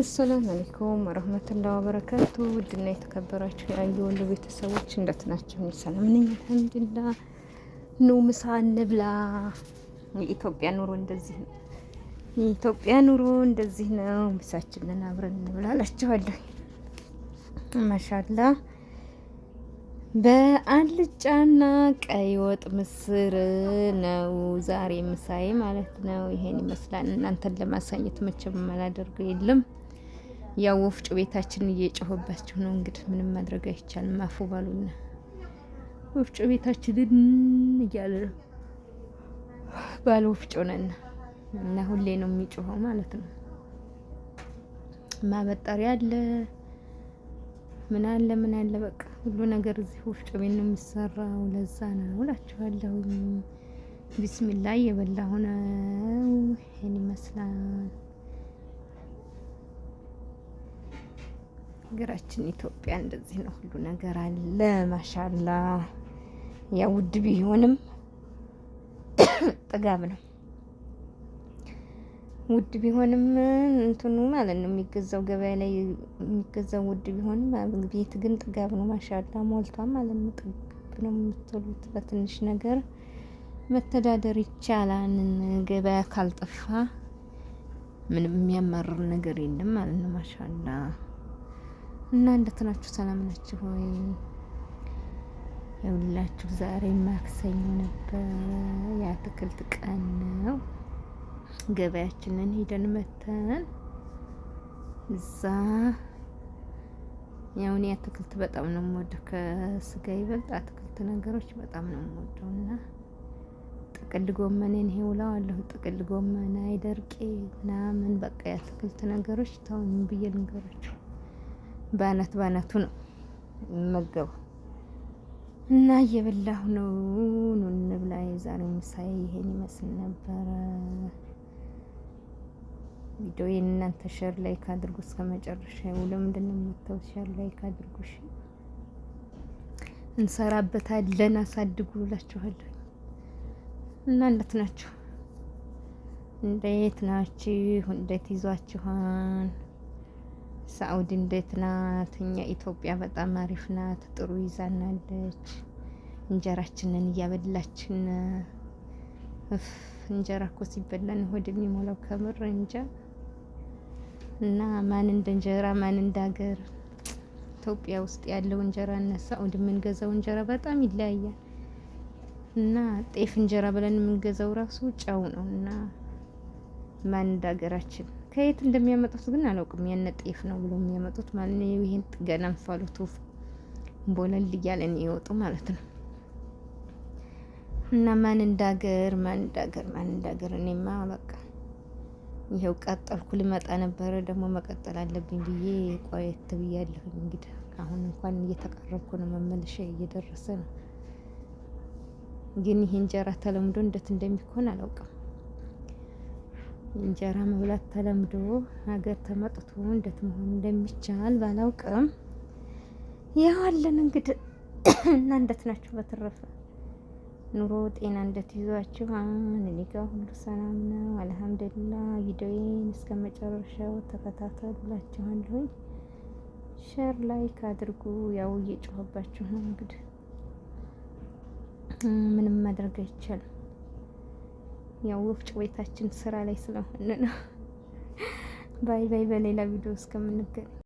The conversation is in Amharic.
አሰላም አለይኩም ወረህመቱላሂ ወበረካቱ። ውድና የተከበራችሁ የአየወሉ ቤተሰቦች እንደት ናቸው? ሰላም ነኝ አልሐምዱሊላህ። ኑ ምሳ እንብላ። የኢትዮጵያ ኑሮ እንደዚህ ነው። የኢትዮጵያ ኑሮ እንደዚህ ነው። ምሳችንን አብረን እንብላ እላችኋለሁ። ማሻላ በአልጫና ቀይ ወጥ ምስር ነው ዛሬ ምሳዬ ማለት ነው። ይሄን ይመስላል። እናንተን ለማሳየት መቼም የማላደርገው የለም። ያው ወፍጮ ቤታችን እየጮኸባችሁ ነው። እንግዲህ ምንም ማድረግ አይቻልም። አፉ ባሉና ወፍጮ ቤታችንን እያለ ነው። ባለ ወፍጮ ነን እና ሁሌ ነው የሚጮኸው ማለት ነው። ማበጠሪያ አለ ምን አለ ምን አለ በቃ ሁሉ ነገር እዚህ ወፍጮ ቤት ነው የሚሰራው። ለዛ ነው እላችኋለሁ። ቢስሚላ እየበላሁ ነው። ይሄን ይመስላል ሀገራችን ኢትዮጵያ። እንደዚህ ነው ሁሉ ነገር አለ። ማሻላ ያ ውድ ቢሆንም ጥጋብ ነው። ውድ ቢሆንም እንትኑ ማለት ነው የሚገዛው ገበያ ላይ የሚገዛው ውድ ቢሆንም ቤት ግን ጥጋብ ነው። ማሻላ ሞልቷል ማለት ነው። ጥግብ ነው የምትሉት በትንሽ ነገር መተዳደር ይቻላል። ገበያ ካልጠፋ ምንም የሚያማርር ነገር የለም ማለት ነው። ማሻላ እና እንደት ናችሁ? ሰላም ናችሁ ወይ? የሁላችሁ ዛሬ ማክሰኞ ነበር፣ የአትክልት ቀን ነው። ገበያችንን ሂደን መተን እዛ ያው እኔ አትክልት በጣም ነው የምወደው፣ ከስጋ ይበልጥ አትክልት ነገሮች በጣም ነው የምወደው እና ጥቅል ጎመኔን ይሄ ውለዋለሁ። ጥቅል ጎመን አይደርቄ ምናምን በቃ የአትክልት ነገሮች ተውኝ ብዬ ነገሮች በአነት በአነቱ ነው መገቡ እና እየበላሁ ነው። ኑ እንብላ። የዛሬው ምሳዬ ይሄን ይመስል ነበረ። ቪዲዮ የእናንተ ሸር ላይክ አድርጉ እስከ መጨረሻ ውለም እንደምታው ሸር ላይክ አድርጉ። እሺ እንሰራበታለን፣ አሳድጉ ብላችኋለሁ እና እንዴት ናችሁ? እንዴት ናችሁ? እንዴት ይዟችኋል? ሳኡዲ እንዴት ናት? እኛ ኢትዮጵያ በጣም አሪፍ ናት፣ ጥሩ ይዛናለች። እንጀራችንን እያበላችን እንጀራ እኮ ሲበላን ሆድ የሚሞላው ከምር እንጃ። እና ማን እንደ እንጀራ ማን እንደ ሀገር ኢትዮጵያ ውስጥ ያለው እንጀራ እና ሳኡዲ የምንገዛው እንጀራ በጣም ይለያያል። እና ጤፍ እንጀራ ብለን የምንገዛው ራሱ ጨው ነው። እና ማን እንደ ሀገራችን ከየት እንደሚያመጡት ግን አላውቅም። ያነ ጤፍ ነው ብሎ የሚያመጡት ማለት ነው። ይሄን ገና እንፋሎቱ ቦለል እያለ ይወጡ ማለት ነው። እና ማን እንደ ሀገር ማን እንደ ሀገር ማን እንደ ሀገር እኔማ በቃ ይሄው ቀጠልኩ። ልመጣ ነበረ ደግሞ መቀጠል አለብኝ ብዬ ቆየት ብያለሁ። እንግዲህ አሁን እንኳን እየተቃረብኩ ነው፣ መመለሻ እየደረሰ ነው። ግን ይሄ እንጀራ ተለምዶ እንዴት እንደሚኮን አላውቅም። እንጀራ መብላት ተለምዶ ሀገር ተመጥቶ እንዴት መሆን እንደሚቻል ባላውቅም ያው አለን እንግዲህ እና እንዴት ናችሁ በተረፈ ኑሮ ጤና እንደትይዟችሁ አሁን እኔ ሁሉ ሰላም ነው፣ አልሐምዱሊላህ። ቪዲዮዬን እስከ መጨረሻው ተከታተሉላችኋለሁ። ሸር ላይክ አድርጉ። ያው እየጮኸባችሁ ነው እንግዲህ ምንም ማድረግ አይቻልም። ያው ወፍጮ ቤታችን ስራ ላይ ስለሆነ ነው። ባይ ባይ። በሌላ ቪዲዮ እስከምንገናኝ